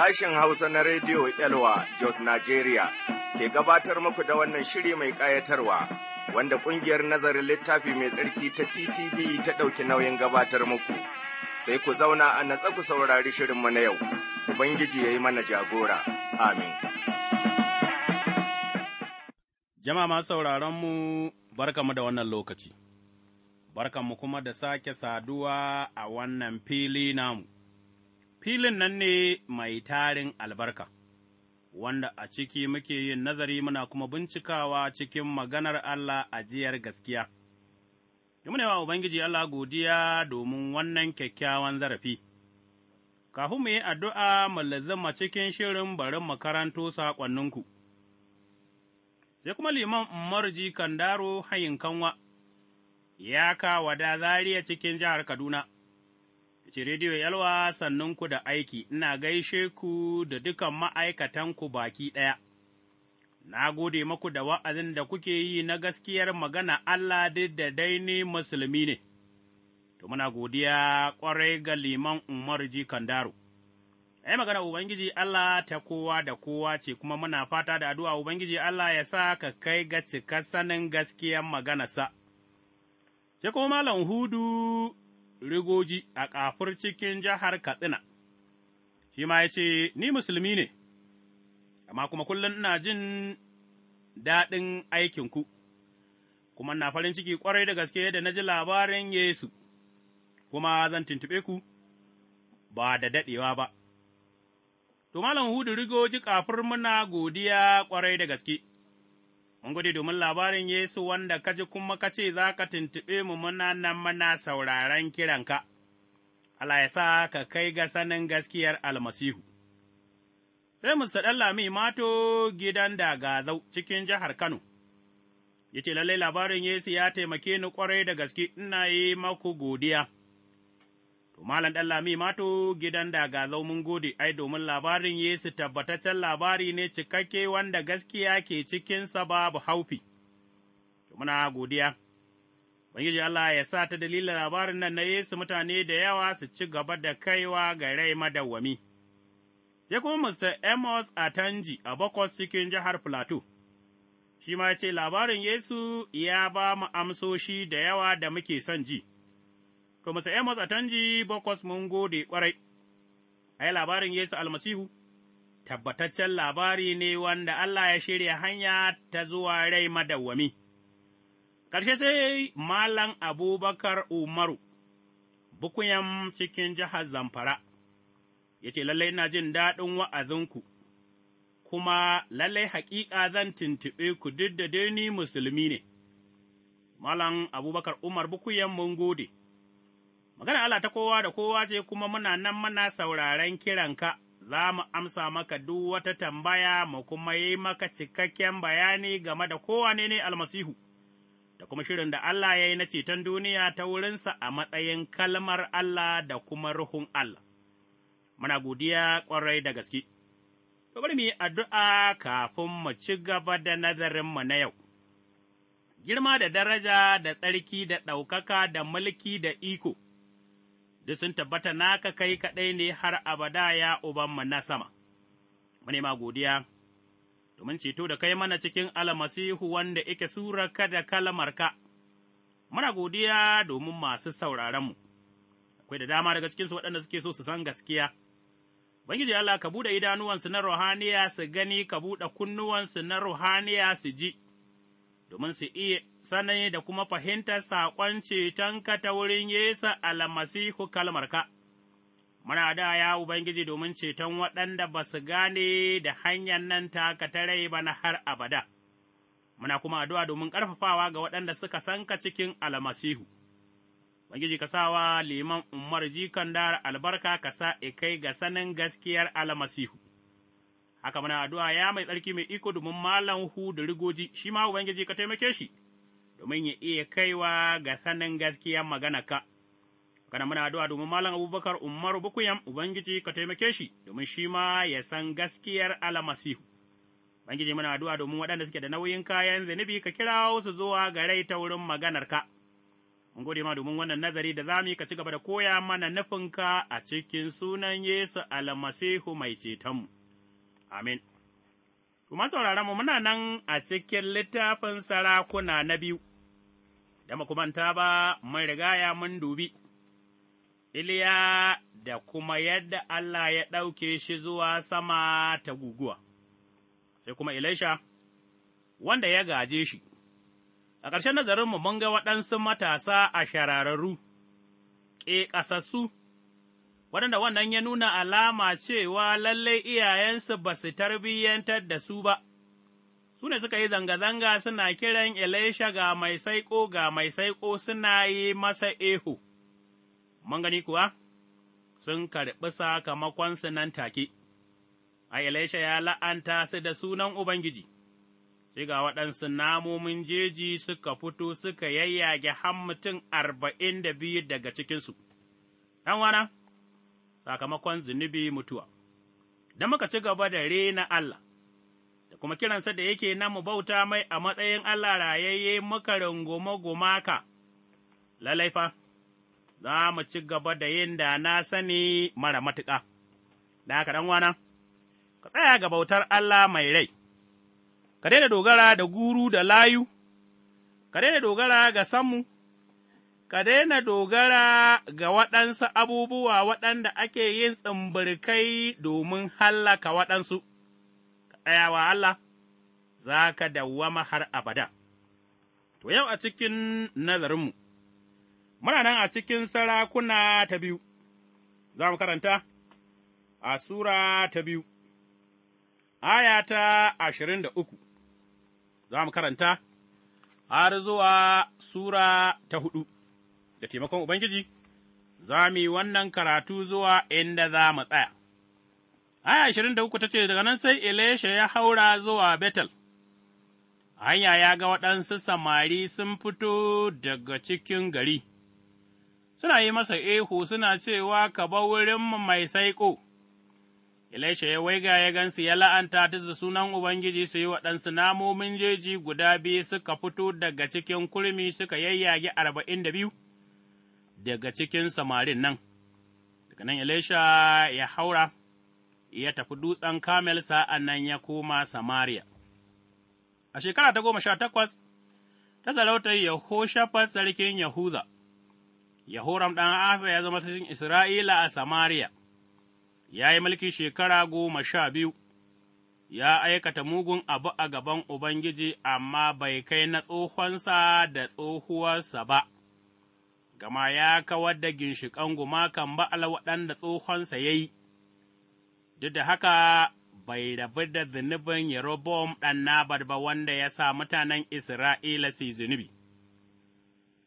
Sashen Hausa na Rediyo Elwa Jos Nigeria ke gabatar muku da wannan shiri mai ƙayatarwa wanda ƙungiyar nazarin littafi mai tsarki ta TTV ta ɗauki nauyin gabatar muku. Sai ku zauna a natsa ku saurari shirinmu na yau, Ubangiji ya yi mana jagora. Amin. Jama'a masu sauraronmu, barkamu da wannan lokaci, barkamu kuma da sake saduwa a wannan fili namu. filin nan ne mai tarin albarka, wanda a ciki muke yin nazari muna kuma bincikawa cikin maganar Allah ajiyar gaskiya. Yi wa Ubangiji Allah godiya domin wannan kyakkyawan zarafi. Kafin mu yi addu'a mu lazama cikin shirin barin makaranto saƙonninku. sai kuma liman Umarji Kandaro hayin kanwa, ya kawo da zariya cikin jihar Kaduna, ce Rediyo Yalwa sannunku da aiki, ina gaishe ku da dukan ma'aikatanku baki ɗaya. Na gode maku da wa'azin da kuke yi na gaskiyar magana Allah duk da dai musulmi ne, to muna godiya ƙwarai ga liman Umar ji Kandaro. Ai, magana Ubangiji Allah ta kowa da kowa ce, kuma muna fata da addu'a Ubangiji Allah ya sa ka kai ga cika sanin gaskiyar maganarsa. Sai kuma Malam Hudu Rigoji a ƙafur cikin jihar Katsina, shi ma ya ce, Ni musulmi ne, amma kuma kullum ina jin daɗin aikinku, kuma na farin ciki ƙwarai da gaske da na ji labarin Yesu, kuma zan tuntuɓe ku ba da daɗewa ba. To, Malam Hudu Rigoji ƙafur muna godiya ƙwarai da gaske. Mun gode domin labarin Yesu wanda ka ji kuma ka ce za ka tuntuɓe mu muna nan mana sauraren kiranka, Allah ya sa ka kai ga sanin gaskiyar almasihu. Sai Mr. Lami Mato gidan da gazau cikin jihar Kano, ya ce lallai labarin Yesu ya taimake ni kwarai da gaske ina yi maku godiya. To, Malam ɗan Lami Mato gidan da ga mun gode, ai, domin labarin Yesu tabbataccen labari ne cikakke wanda gaskiya ke cikinsa babu haufi. To, muna godiya. bangiji Allah ya sa ta dalilin labarin nan na Yesu mutane da yawa su ci gaba da kaiwa ga rai madawwami. Sai kuma Mr. Amos Atanji a bakwas cikin jihar Plateau. Shi ma ce labarin Yesu ya ba mu amsoshi da yawa da muke son ji. To, Mr. Amos a tanji bakwas mun gode ƙwarai, yi labarin Yesu almasihu, tabbataccen labari ne wanda Allah ya shirya hanya ta zuwa rai madawwami. Ƙarshe sai Malam Abubakar Umaru, bukuyan cikin jihar Zamfara, ya ce, Lallai na jin daɗin wa'azinku, kuma lallai haƙiƙa zan tuntuɓe ku duk da dai ni musulmi ne. Malam Abubakar Umar bukuyan mun gode. Magana Allah ta kowa da kowa ce kuma muna nan mana sauraren kiranka, za mu amsa maka duk wata tambaya mu kuma yi maka cikakken bayani game da kowane ne almasihu, da kuma shirin da Allah ya yi na ceton duniya ta wurinsa a matsayin kalmar Allah da kuma ruhun Allah. Muna godiya ƙwarai da gaske. To bari mu yi addu'a kafin mu ci gaba da nazarinmu na yau. Girma da daraja da tsarki da ɗaukaka da mulki da iko. duk sun tabbata naka kai kaɗai ne har abada ya Ubanmu na sama. Manema godiya, domin ceto da kai mana cikin almasihu wanda ike surarka da ka muna godiya domin masu sauraronmu, akwai da dama daga cikinsu waɗanda suke so su san gaskiya. Bangiji Allah ka buɗe idanuwansu na ruhaniya su gani, ka buɗe kunnuwansu na ruhaniya su ji. domin su iya sani da kuma fahimtar saƙon cetonka ta wurin Yesu almasihu kalmarka. Muna da ya Ubangiji domin ceton waɗanda ba su gane da hanyar nan taka ta rai ba na har abada. Muna kuma addu'a domin ƙarfafawa ga waɗanda suka san ka cikin almasihu. Ubangiji ka wa liman umar jikan dar albarka ka sa kai ga sanin gaskiyar almasihu. haka muna addu'a ya mai tsarki mai iko domin malam hu da rigoji shi ma Ubangiji ka taimake shi, domin ya iya kaiwa ga sanin gaskiyar magana ka. Kana muna addu'a domin malam Abubakar Umar Bukuyam Ubangiji ka taimake shi, domin shi ma ya san gaskiyar Almasihu. Ubangiji muna addu'a domin waɗanda suke da nauyin kayan zunubi ka kira su zuwa ga rai ta wurin maganar ka. Mun gode ma domin wannan nazari da zamu ka ci gaba da koya mana nufinka a cikin sunan Yesu Almasihu mai cetonmu. amin. Kuma sauraron mu muna nan a cikin littafin sarakuna na biyu, da makumanta ba mun rigaya mun dubi, Iliya da kuma yadda Allah ya ɗauke shi zuwa sama ta guguwa, sai kuma Elisha, wanda ya gaje shi. A ƙarshen nazarinmu mun ga waɗansu matasa a shararru, ƙeƙasassu, waɗanda wannan ya nuna alama cewa lallai iyayensu ba su tarbiyyantar da su ba, su ne suka yi zanga-zanga suna kiran Elisha ga mai saiko ga mai saiko suna yi masa ehu, mun gani kuwa sun karɓi sakamakonsu nan take, a Elisha ya la'anta su da sunan Ubangiji. sai ga waɗansu namomin jeji suka fito suka yayyage har mutum arba'in da biyu daga cikinsu. ’Yan wana, sakamakon zunubi mutuwa, da muka ci gaba da rena Allah, da kuma kiransa da yake na mu bauta mai a matsayin Allah rayayye muka rungume gumaka, lalai fa, za mu ci gaba da yin da na sani mara matuka da haka ɗan ka tsaya ga bautar Allah mai rai, ka daina dogara da guru da layu, ka daina dogara ga sanmu ka daina dogara ga waɗansu abubuwa waɗanda ake yin tsimbirkai domin hallaka waɗansu, ka ɗaya wa Allah, za ka dawwama har abada. To, yau a cikin nazarinmu, muna nan a cikin sarakuna ta biyu, za mu karanta a Sura ta biyu, aya ta ashirin da uku, za mu karanta har zuwa Sura ta hudu. da taimakon Ubangiji, za mu yi wannan karatu zuwa inda za mu tsaya. Aya ashirin da uku ta ce, Daga nan sai Elisha ya haura zuwa Betel, hanya ya ga waɗansu samari sun fito daga cikin gari, suna yi masa ihu suna cewa ka ba wurinmu mai saiko. Elisha ya waiga ya gansu ya la'anta ta sunan Ubangiji su yi waɗansu namomin jeji guda biyu suka fito daga cikin kurmi suka yayyage arba'in da biyu, daga cikin samarin nan, daga nan Elisha ya haura, ya tafi dutsen Kamel sa'an nan ya koma Samariya. A shekara ta goma sha takwas, ta sarautar Yahoshafat sarkin Yahuda, Yahoram ɗan Asa ya zama cikin Isra'ila a Samaria. ya yi mulki shekara goma sha biyu, ya aikata mugun abu a gaban Ubangiji, amma bai kai na tsohonsa da tsohuwarsa ba. gama ya kawar da ginshiƙan kan ba'al waɗanda tsohonsa ya yi, duk da haka bai rabu da zunubin Yerobom ɗan Nabar ba wanda ya sa mutanen Isra'ila su yi zunubi.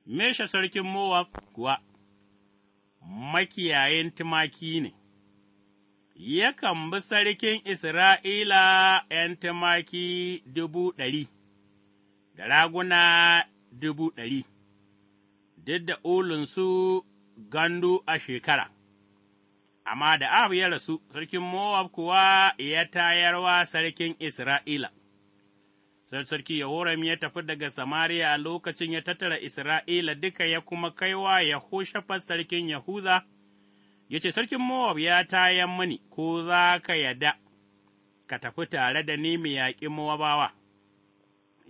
Mesha sarkin Mowab kuwa, makiyayin tumaki ne, yakan bi sarkin Isra'ila ’yan tumaki dubu ɗari, da raguna dubu ɗari. duk da ulinsu gandu a shekara. Amma da Ahab ya rasu, sarkin Mowab kuwa ya tayarwa sarkin Isra'ila. Sai sarki Yahoram ya tafi daga Samariya a lokacin ya tattara Isra'ila duka ya kuma kai wa Yahushafat sarkin Yahuza, ya ce, Sarkin Mowab ya tayan mani, ko za ka yada, ka tafi tare da ni mai yaƙi Mowabawa.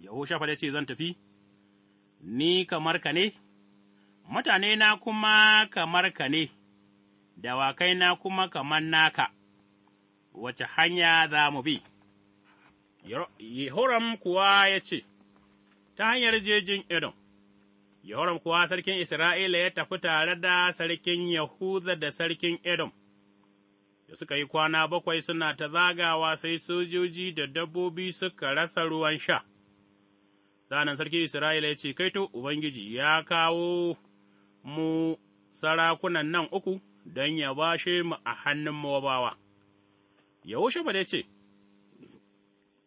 Yahushafat ya ce, Zan tafi, ni kamar ka ne, Mutane na kuma kamar ka ne, na kuma kamar naka, wace hanya za mu bi? Yehoram kuwa ya ce, Ta hanyar jejin Edom, Yehoram kuwa sarkin Isra'ila ya tafi tare da sarkin Yahuda da sarkin Edom, da suka yi kwana bakwai suna ta zagawa sai sojoji da dabbobi suka rasa ruwan sha. Sa'an sarki Isra'ila ya ce, Kaito, Ubangiji ya kawo mu sarakunan nan uku don ya bashe mu a hannun Mowabawa. ba dai ce,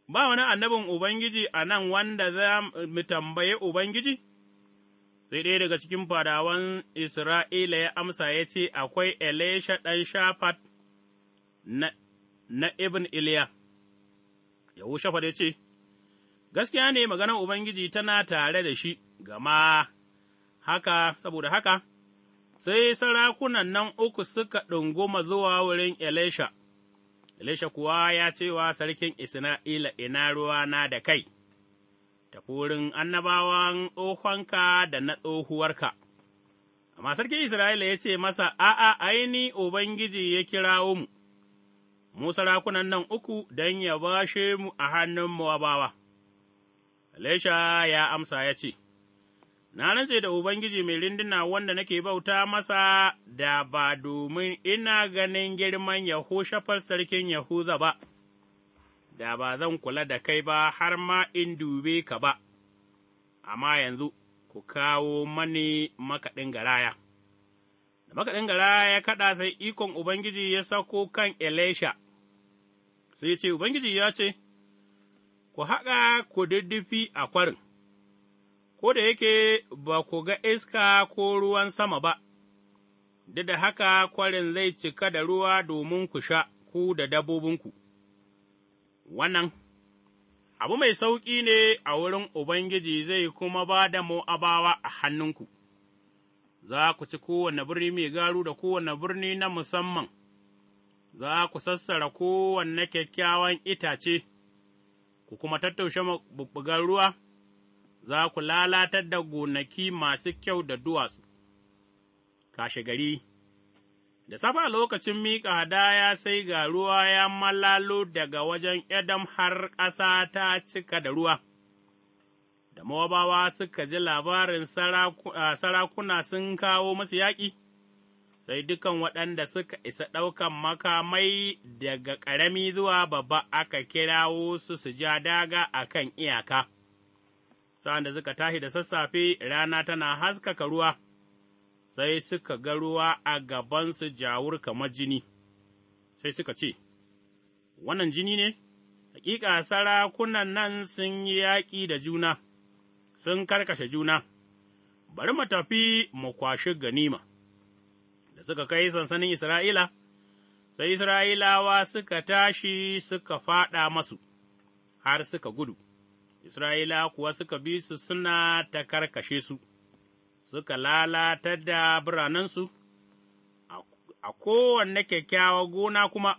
Ba wani annabin Ubangiji a nan wanda za mu tambaye Ubangiji? Sai ɗaya daga cikin fadawan Isra'ila ya amsa ya ce, Akwai Elisha ɗan Shafat na, Ibn Iliya. Yahushafat ya ce, Gaskiya ne maganar Ubangiji tana tare da shi, gama haka, saboda haka, sai sarakunan nan uku suka ɗunguma zuwa wurin Elisha, Elisha kuwa ya ce wa sarkin Isra'ila ina ruwa na da kai, ta wurin annabawan tsohonka da na tsohuwarka. Amma sarkin Isra'ila ya ce masa, A'a, aini Ubangiji ya kirawo mu, mu sarakunan nan uku don ya bashe mu a hannun Mowabawa. Elisha ya amsa ya ce, na rantse da Ubangiji mai rinduna wanda nake bauta masa da ba domin ina ganin girman Yahushafar sarkin Yahuza ba, da ba zan kula da kai ba har ma in dube ka ba, amma yanzu ku kawo mani makaɗin garaya. Da makaɗin garaya ya kaɗa sai ikon Ubangiji ya sako kan Elisha, sai ce, Ubangiji ya ce, Ku haƙa ku duddufi a kwarin. ko da yake ba ku ga iska ko ruwan sama ba, duk da haka kwarin zai cika da ruwa domin ku sha ku da dabbobinku. Wannan, abu mai sauƙi ne a wurin Ubangiji zai kuma ba da mu'abawa a hannunku, za ku ci kowane birni mai garu da kowane birni na musamman, za ku sassara kowane kyakkyawan itace, ku kuma tattaushe bubbugan ruwa. za ku lalatar da gonaki masu kyau da duwatsu. gari. da safa lokacin miƙa hadaya sai ga ruwa ya malalo daga wajen Edom har ƙasa ta cika da ruwa. Da mawabawa suka ji labarin sarakuna sun kawo masu yaƙi, sai dukan waɗanda suka isa ɗaukan makamai daga ƙarami zuwa babba aka kirawo su su ja daga a kan iyaka. sa'an da suka tashi da sassafe rana tana haskaka ruwa, sai suka ga ruwa a gabansu jawur kamar jini, sai suka ce, Wannan jini ne, hakika sarakunan nan sun yi yaƙi da juna, sun karkashe juna, bari mu tafi mu kwashi ganima, da suka kai sansanin Isra'ila. sai Isra'ilawa suka tashi suka faɗa masu, har suka gudu, Isra'ila kuwa suka bi su suna ta karkashe su, suka lalata da biranensu, a kowanne kyakkyawa gona kuma,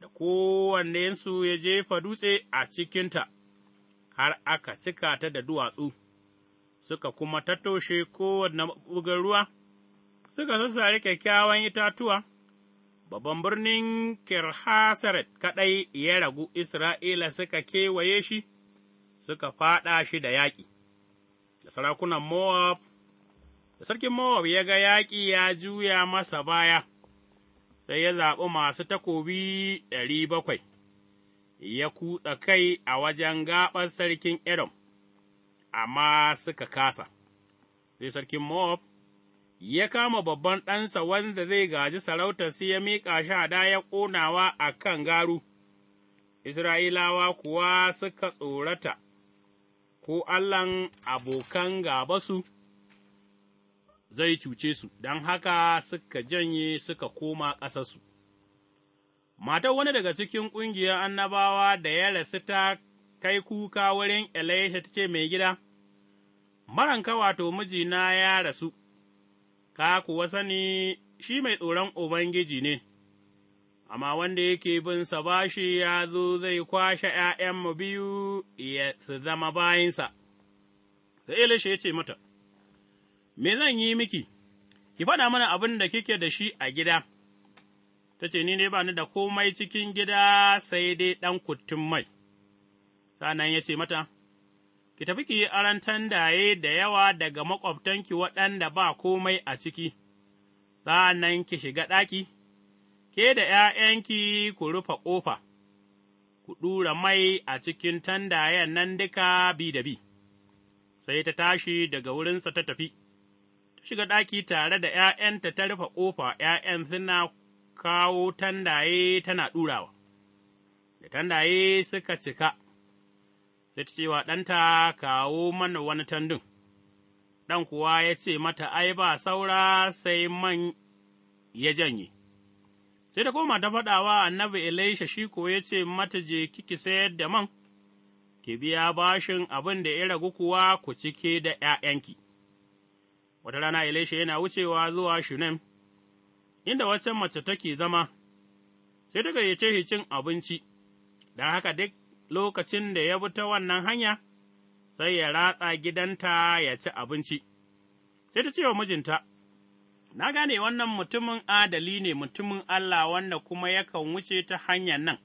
da kowannensu ya jefa dutse a cikinta, har aka cika ta da duwatsu, suka kuma tattoshe kowanne bugar ruwa, suka sassare kyakkyawan itatuwa. babban birnin Kirhasaret kaɗai ya ragu, Isra'ila suka kewaye shi, suka faɗa shi da yaƙi, da sarakunan Mowab, da sarkin Mowab ya ga yaƙi ya juya masa baya, sai ya zaɓi masu takobi ɗari bakwai, ya kutsa kai a wajen gaɓar sarkin Edom, amma suka kasa, sai sarkin Mowab ya kama babban ɗansa wanda zai gaji sarauta sai ya miƙa shi ya ƙonawa a kan garu, Isra'ilawa kuwa suka tsorata, ko Allahn abokan gaba su zai cuce su, don haka suka janye suka koma ƙasarsu. Matar wani daga cikin ƙungiyar annabawa da ya rasu ta kai kuka wurin Elisha ta ce mai gida, Maranka wato mijina ya rasu, ka kuwa sani shi mai tsoron Ubangiji ne. amma wanda yake sa bashi ya zo zai kwashe 'ya'yan mu biyu su zama bayansa Sai Elisha ya ce mata, Me zan yi miki, ki faɗa mana abin da kike da shi a gida, ta ce, Ni ne ba ni da komai cikin gida sai dai ɗan kutun mai. Sa'an ya ce mata, Ki tafi ki yi aron tandaye da yawa daga maƙwabtanki waɗanda ba komai a ciki, sa'an ki shiga ɗaki. ke da ’ya'yanki ku rufe ƙofa, ku ɗura mai a cikin tandayen nan duka bi da bi, sai ta tashi daga wurinsa ta tafi, ta shiga ɗaki tare da ’ya'yanta ta rufe ƙofa, ’ya'yan suna kawo tandaye tana ɗurawa, da tandaye suka cika, sai ta cewa ɗanta kawo mana wani tandun. ɗan kuwa ya ce mata, Ai, ba saura sai man ya janye, sai ta koma ta faɗawa annabi Elisha shi ko ya ce mata je kiki sayar da man, ki biya bashin abin da ya ragu kuwa ku cike da ’ya'yanki. Wata rana Elisha yana wucewa zuwa Shunem, inda wata mace take zama, sai ta gayyace shi cin abinci, don haka duk lokacin da ya bi ta wannan hanya, sai ya ratsa gidanta ya ci abinci. Sai ta ce wa mijinta, na gane wannan mutumin adali ne mutumin Allah wanda kuma yakan wuce ta hanyar nan,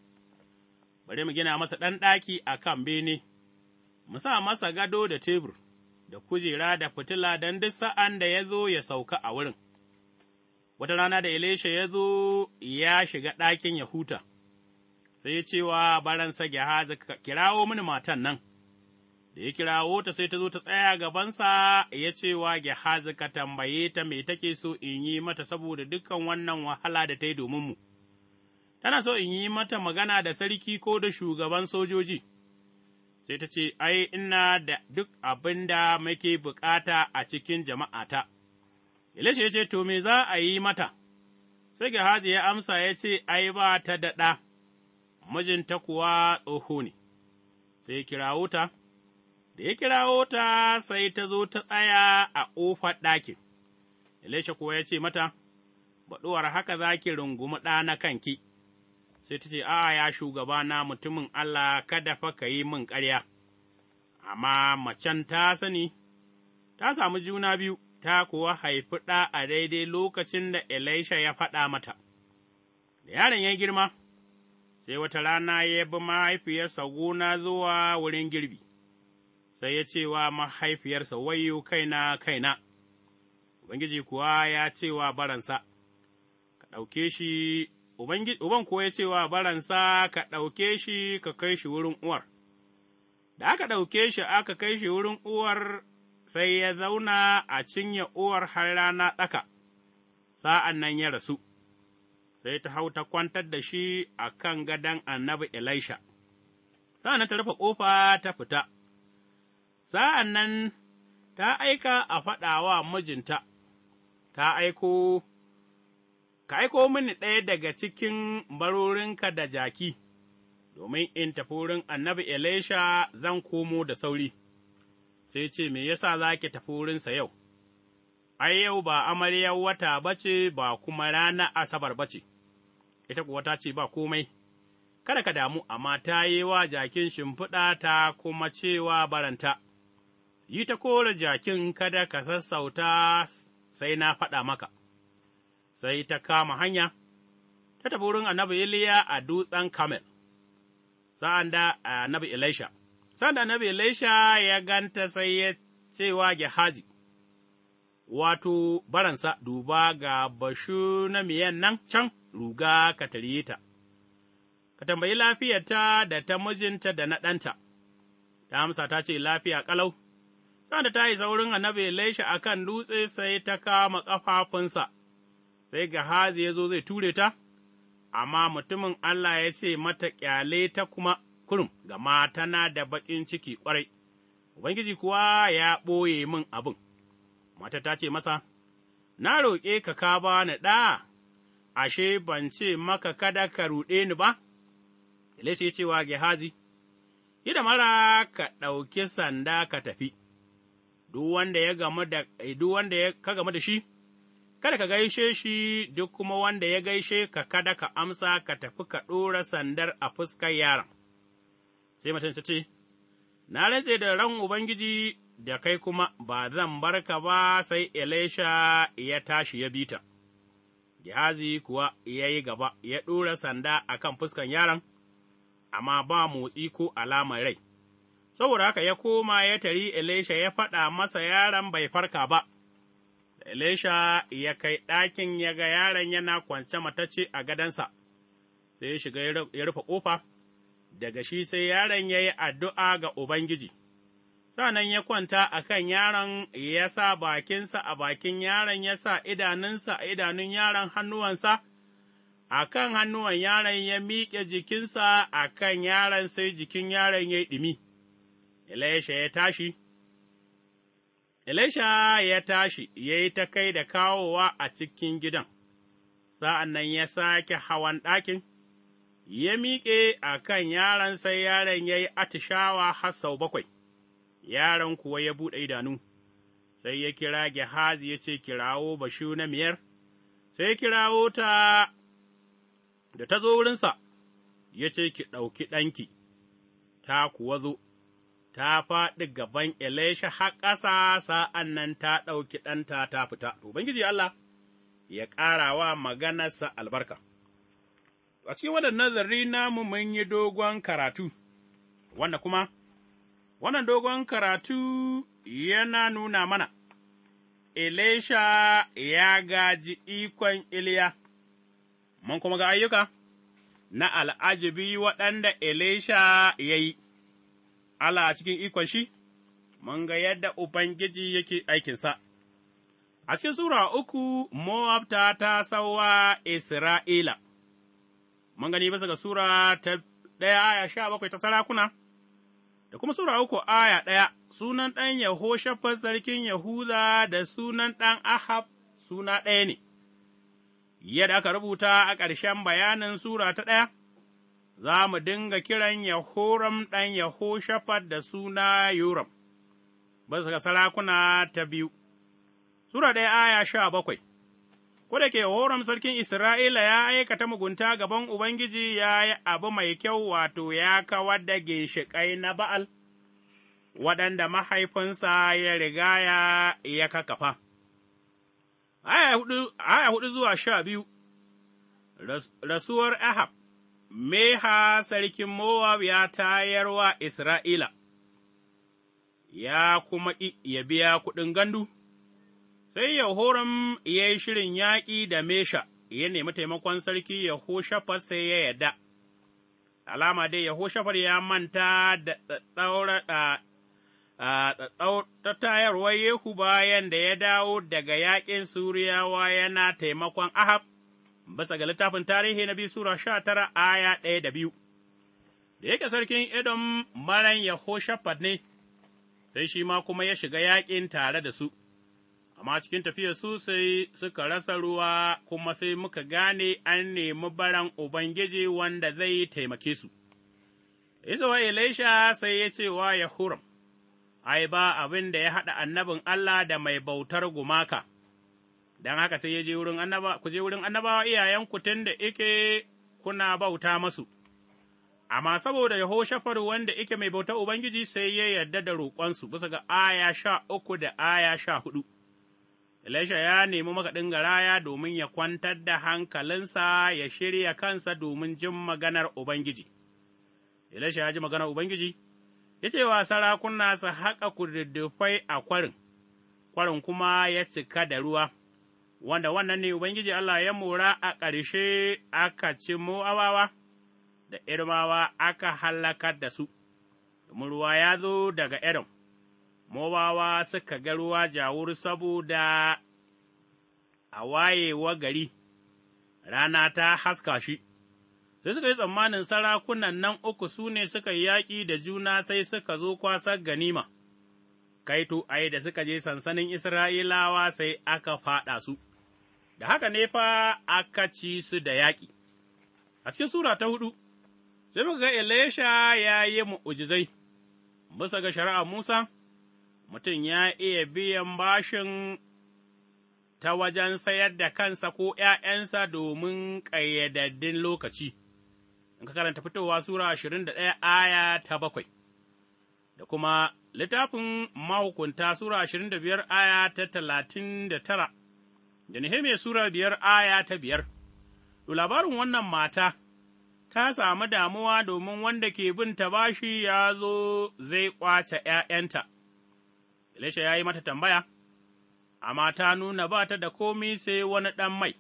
bari mu gina masa ɗan ɗaki a kan bene, mu sa masa gado da tebur, da kujera da fitila don duk sa'an da ya zo ya sauka a wurin. Wata rana da Elisha ya zo ya shiga ɗakin ya huta, sai ya ce wa baransa Gehazi, kirawo mini matan nan. da ya kirawo ta sai ta zo ta tsaya gabansa ya ce wa Gehazi ka tambaye ta me take so in yi mata saboda dukkan wannan wahala da ta yi domin mu. Tana so in yi mata magana da sarki ko da shugaban sojoji, sai ta ce, Ai, ina da duk abin da muke bukata a cikin jama'ata. Elisha ya ce, To, me za a yi mata? Sai Gehazi ya amsa ya ce, Ai, ba ta da ɗa, mijinta kuwa tsoho ne, sai kirawo ta. da ya kirawo ta sai ta zo ta tsaya a ƙofar ɗakin, Elisha kuwa ya ce mata, Baɗuwar haka za ki rungumi ɗa na kanki, sai ta ce, A ya shugaba na mutumin Allah kada fa ka yi min ƙarya, amma macen ta sani, ta samu juna biyu, ta kuwa haifi ɗa a daidai lokacin da Elisha ya faɗa mata. Da yaron ya girma, sai wata rana ya bi mahaifiyarsa gona zuwa wurin girbi. sai ya ce wa mahaifiyarsa, Wayo kaina, kaina, Ubangiji kuwa ya ce wa baransa, Ka ɗauke shi, Uban kuwa ya ce wa baransa, Ka ɗauke shi ka kai shi wurin uwar. Da aka ɗauke shi aka kai shi wurin uwar, sai ya zauna a cinye uwar har rana ɗaka. sa'an nan ya rasu, sai ta hau ta kwantar da shi a kan gadon annabi Elisha. Sa'an nan ta rufe ƙofa ta fita. sa'an nan ta aika a faɗa wa mijinta, ta aiko, ka aiko mini ɗaya daga cikin barorinka da jaki, domin in tafi wurin annabi Elisha zan komo da sauri, sai ce, Me yasa za ki tafi wurinsa yau? Ai, yau ba amaryar wata ba ce ba kuma rana Asabar ba ce, ita kuwa ta ce ba komai. Kada ka damu, amma ta yi wa jakin shimfiɗa ta kuma cewa baranta. yi ta kore jakin kada ka sassauta sai na faɗa maka, sai ta kama hanya, ta tafi wurin annabi Iliya a dutsen Kamel, sa'an da annabi Elisha, sa'an da annabi Elisha ya ganta sai ya cewa Gehazi, wato baransa duba ga bashu na miyan nan can ruga ka ta, ka tambayi lafiyarta da ta mijinta da na ɗanta, ta amsa ta ce lafiya ƙalau. sa'ad ta isa wurin annabi Elisha a kan dutse sai ta kama ƙafafunsa, sai Gahazi ya zo zai ture ta, amma mutumin Allah ya ce mata ƙyale ta kuma kurum, gama tana da baƙin ciki ƙwarai, Ubangiji kuwa ya ɓoye min abin. Mata ta ce masa, Na roƙe ka ka bani ɗa, ashe ban ce maka kada ka ruɗe ni ba? Elisha ya ce wa Gehazi, Yi da mara ka ɗauki sanda ka tafi. duk wanda ya gamu da eh, duk wanda ya ka gamu da shi, kada ka gaishe shi duk kuma wanda ya gaishe ka kada ka amsa ka tafi ka ɗora sandar a fuskar yaron. Sai mutum ta ce, Na rantse da ran Ubangiji da kai kuma ba zan bar ka ba sai Elisha ya tashi ya bita. ta. Gehazi kuwa ya yi gaba, ya ɗora sanda a kan fuskan yaron, amma ba motsi ko alamar rai. saboda haka ya koma ya tari Elisha ya faɗa masa yaron bai farka ba. Da Elisha ya kai ɗakin ya ga yaron yana kwance matacce a gadansa, sai ya shiga ya rufe ƙofa, daga shi sai yaron ya yi addu'a ga Ubangiji. Sa'an ya kwanta a kan yaron ya sa bakinsa a bakin yaron ya sa idanunsa a idanun yaron hannuwansa. a kan hannuwan yaron ya miƙe jikinsa a kan yaron sai jikin yaron ya yi ɗumi. Elisha ya tashi, Elisha ya tashi, ya yi ta kai da kawowa a cikin gidan, sa'an nan ya sake hawan ɗakin, ya miƙe a kan yaron sai yaron ya yi atishawa har sau bakwai, yaron kuwa ya buɗe idanu, sai ya kira Gehazi ya ce, Kirawo bashu na miyar, sai kirawo ta da ta zo wurinsa, ya ce, Ki ɗauki ɗanki, ta kuwa zo. ta faɗi gaban Elisha har ƙasa sa'an nan ta ɗauki ɗanta ta fita, Ubangiji Allah ya ƙara wa maganarsa albarka. A cikin wannan nazari namu mun yi dogon karatu, wanda kuma, wannan dogon karatu yana nuna mana, Elisha ya gaji ikon Iliya, mun kuma ga ayyuka na al'ajibi waɗanda Elisha ya yi. Allah a cikin ikon shi, mun ga yadda Ubangiji yake aikinsa. A cikin Sura uku, Moab ta ta sauwa Isra'ila, mun gani bisa ga Sura ta ɗaya aya sha bakwai ta sarakuna, da kuma Sura uku aya ɗaya, sunan ɗan Yahoshafat sarkin Yahuda da sunan ɗan Ahab suna ɗaya ne, yadda aka rubuta a ƙarshen bayanin Sura ta ɗaya. za mu dinga kiran Yahoram ɗan Yahoshafat da suna Yoram, bisa sarakuna ta biyu, Sura ɗaya aya sha bakwai. Ko da ke Horam sarkin Isra'ila ya aikata mugunta gaban Ubangiji ya yi abu mai kyau wato ya kawar da ginshiƙai na Ba'al, waɗanda mahaifinsa ya riga ya kakafa. Aya hudu zuwa sha biyu, rasuwar Ahab Meha sarkin Moab ya tayar wa Isra'ila, ya kuma ya biya kuɗin gandu, sai Yahoram ya yi shirin yaƙi da Mesha, ya nemi taimakon sarki Yahoshafar sai ya yada. Alama dai Yahoshafar ya manta da tayarwar Yehu bayan da ya dawo daga yaƙin Suriyawa yana taimakon Ahab. bisa ga littafin tarihi na biyu Sura sha tara aya ɗaya da biyu, da yake sarkin Edom maran Yahoshaphat ne, sai shi ma kuma ya shiga yaƙin tare da su, amma cikin tafiyar su sai suka rasa ruwa kuma sai muka gane an nemi baran Ubangiji wanda zai taimake su. Isawa Elisha sai ya ce wa Yahuram, ai, ba abin da ya haɗa annabin Allah da mai bautar gumaka. don haka sai ya je wurin annaba, ku je wurin annabawa iyayenku tun da ike kuna bauta masu. Amma saboda Yahoshafar wanda ike mai bautar Ubangiji sai ya yarda da roƙonsu bisa ga aya sha uku da aya sha hudu. Elisha ya nemi makaɗin garaya domin ya kwantar da hankalinsa ya shirya kansa domin jin maganar Ubangiji. Elisha ya ji maganar Ubangiji, ya ce wa sarakuna su haƙa kududdufai a kwarin, kwarin kuma ya cika da ruwa. wanda wannan ne Ubangiji Allah ya mora a ƙarshe aka ci mu'awawa da Irmawa aka hallakar da su, domin ruwa ya zo daga Edom, Mo'awawa suka ga ruwa jawur saboda a wayewa gari, rana ta haska shi, sai suka yi tsammanin sarakunan nan uku su ne suka yi yaƙi da juna sai suka zo kwasar ganima. Kaito, ai, da suka je sansanin Isra'ilawa sai aka faɗa su. da haka ne fa aka ci su da yaƙi. A cikin Sura ta hudu, sai muka ga Elisha ya yi mu'ujizai, bisa ga shari'a Musa, mutum ya iya biyan bashin ta wajen sayar da kansa ko ’ya'yansa domin ƙayyadaddin lokaci, in ka karanta fitowa Sura ashirin da ɗaya aya ta bakwai, da kuma littafin mahukunta Sura ashirin da biyar aya ta talatin da tara. da Nehemiya Sura biyar aya ta biyar, to labarin wannan mata ta samu damuwa domin wanda ke bin ta bashi ya zo zai ƙwace ’ya'yanta, Elisha ya yi mata tambaya, amma ta nuna ba ta da komi sai wani ɗan mai,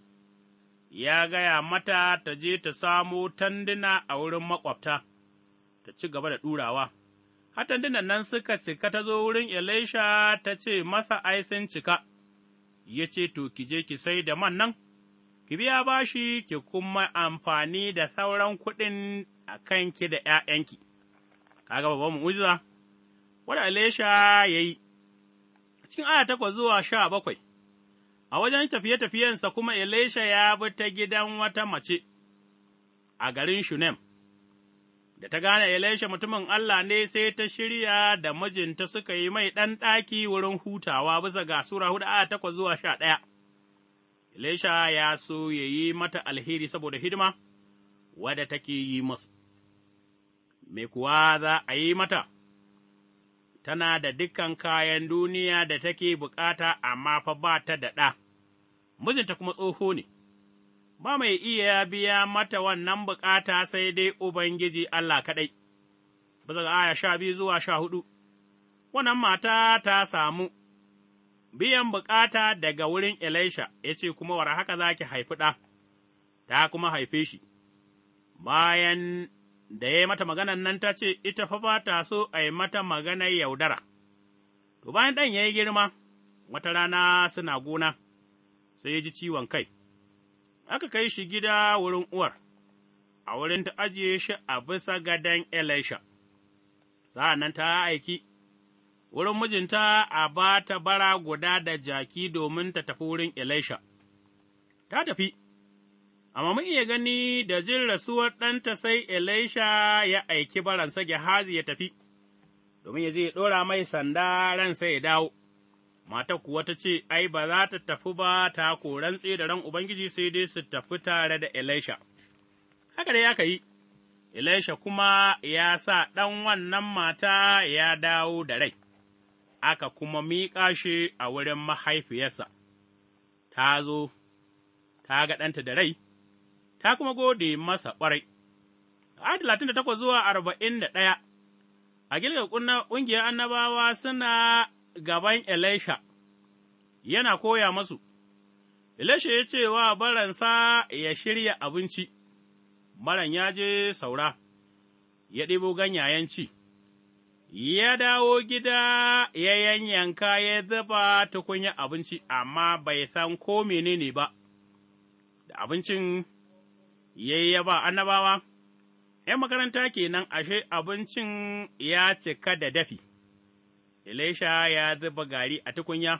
ya gaya mata ta je ta samo tanduna a wurin maƙwabta, ta ci gaba da ɗurawa. tandunan nan suka cika ta zo wurin Elisha ta ce masa ai sun cika. ya ce, To, ki je ki sai da man nan, ki biya bashi ki kuma amfani da sauran kuɗin a kanki da ’ya'yanki, kaga babban mu'ujiza, wadda Alesha ya yi, cikin aya takwas zuwa sha bakwai, a wajen tafiye-tafiyensa kuma Elisha ya bi ta gidan wata mace a garin Shunem. da ta gane Elisha mutumin Allah ne sai ta shirya da mijinta suka yi mai ɗan ɗaki wurin hutawa bisa ga Sura hudu a takwas zuwa sha ɗaya. Elisha ya so ya yi mata alheri saboda hidima wadda take yi masu. Me kuwa za a yi mata? Tana da dukkan kayan duniya da take bukata amma fa ba ta da ɗa, mijinta kuma tsoho ne. ba mai iya biya mata wannan bukata sai dai Ubangiji Allah kaɗai, bisa ga aya sha biyu zuwa sha hudu, wannan mata ta samu biyan bukata daga wurin Elisha, ya ce kuma war haka za ki haifi ɗa, ta kuma haife shi, bayan da ya yi mata maganan nan ta ce, Ita fa ba ta so a yi mata maganar yaudara. To bayan ɗan ya yi girma, wata rana suna gona, sai ya ji ciwon kai, aka kai shi gida wurin uwar, a wurin ta ajiye shi a bisa gadon Elisha, sa'an nan ta aiki, wurin mijinta a ba ta bara guda da jaki domin ta tafi wurin Elisha, ta tafi, amma mun iya gani da jin rasuwar ɗanta sai Elisha ya aiki baransa Gehazi ya tafi, domin ya je ya ɗora mai sanda ransa ya dawo. mata kuwa ta ce, Ai, ba za ta tafi ba ta koran da ran Ubangiji sai dai su tafi tare da Elisha. Haka dai aka yi, Elisha kuma ya sa ɗan wannan mata ya dawo da rai, aka kuma miƙa shi a wurin mahaifiyarsa, ta zo, ta ga ɗanta da rai, ta kuma gode masa ƙwarai. A talatin da takwas zuwa arba'in da ɗaya, a ƙungiyar annabawa suna gaban Elisha, yana koya masu, Elisha ya ce wa baransa ya shirya abinci, baran ya je saura, ya ɗibo ganyayen ci, ya dawo gida ya yanyanka ya zuba tukunya abinci, amma bai san ko menene ba, da abincin ya yi ba annabawa. ’yan makaranta kenan ashe abincin ya cika da dafi, Elisha ya zuba gari a tukunya,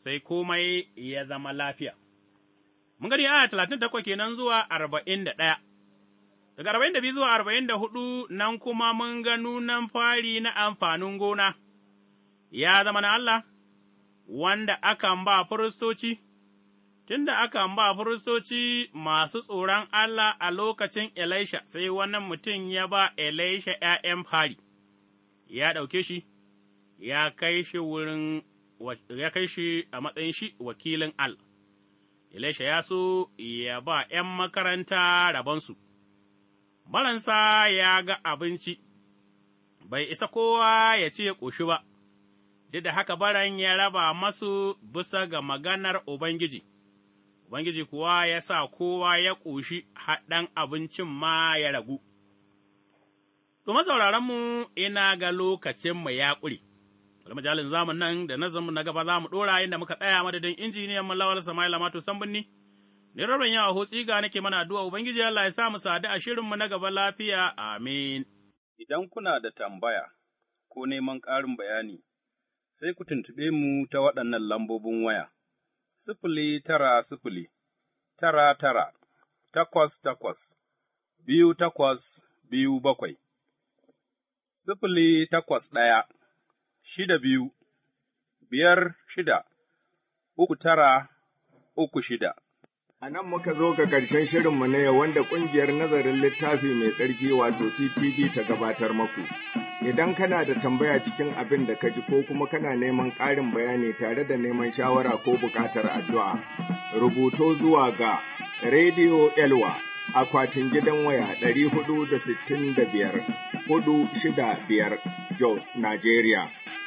sai komai ya zama lafiya. Mun gani aya talatin takwa kenan zuwa arba'in da ɗaya, daga arba'in da biyu zuwa arba'in da hudu nan kuma mun ga nunan fari na amfanin gona, ya zama na Allah, wanda aka ba firistoci, tunda aka ba firistoci masu tsoron Allah a lokacin Elisha, sai wannan mutum ya ba Elisha ’ya'yan fari, ya ɗauke shi. ya kai shi wurin ya kai shi a matsayin shi wakilin Al. Elisha ya so ya ba ’yan makaranta rabonsu, baransa ya ga abinci, bai isa kowa ya ce ƙoshi ba, duk da haka baran ya raba masu bisa ga maganar Ubangiji, Ubangiji kuwa ya sa kowa ya ƙoshi haɗan abincin ma ya ragu. Domin sauraronmu ina ga lokacinmu ya ƙuri. Wani majalin zamun nan da zama na gaba za mu ɗora inda muka tsaya madadin injiniyan mu Lawal Sama'ila san Sambunni. Ni rabin yawa hotsi ga nake mana addu'a Ubangiji Allah ya sa mu sadu a shirinmu na gaba lafiya. Amin. Idan kuna da tambaya ko neman ƙarin bayani, sai ku tuntuɓe mu ta waɗannan lambobin waya. Sifili tara sifili, tara tara, takwas takwas, biyu takwas biyu bakwai, sifili takwas ɗaya. shida biyu, biyar shida, uku tara, uku shida. A nan muka zo ga ƙarshen shirinmu na yau wanda ƙungiyar nazarin littafi mai tsarki wato TTV ta gabatar maku. Idan kana da tambaya cikin abin da ka ji ko kuma kana neman ƙarin bayani tare da neman shawara ko buƙatar addu'a, rubuto zuwa ga Radio Elwa akwatin gidan waya ɗari 465 biyar Jos, Nigeria.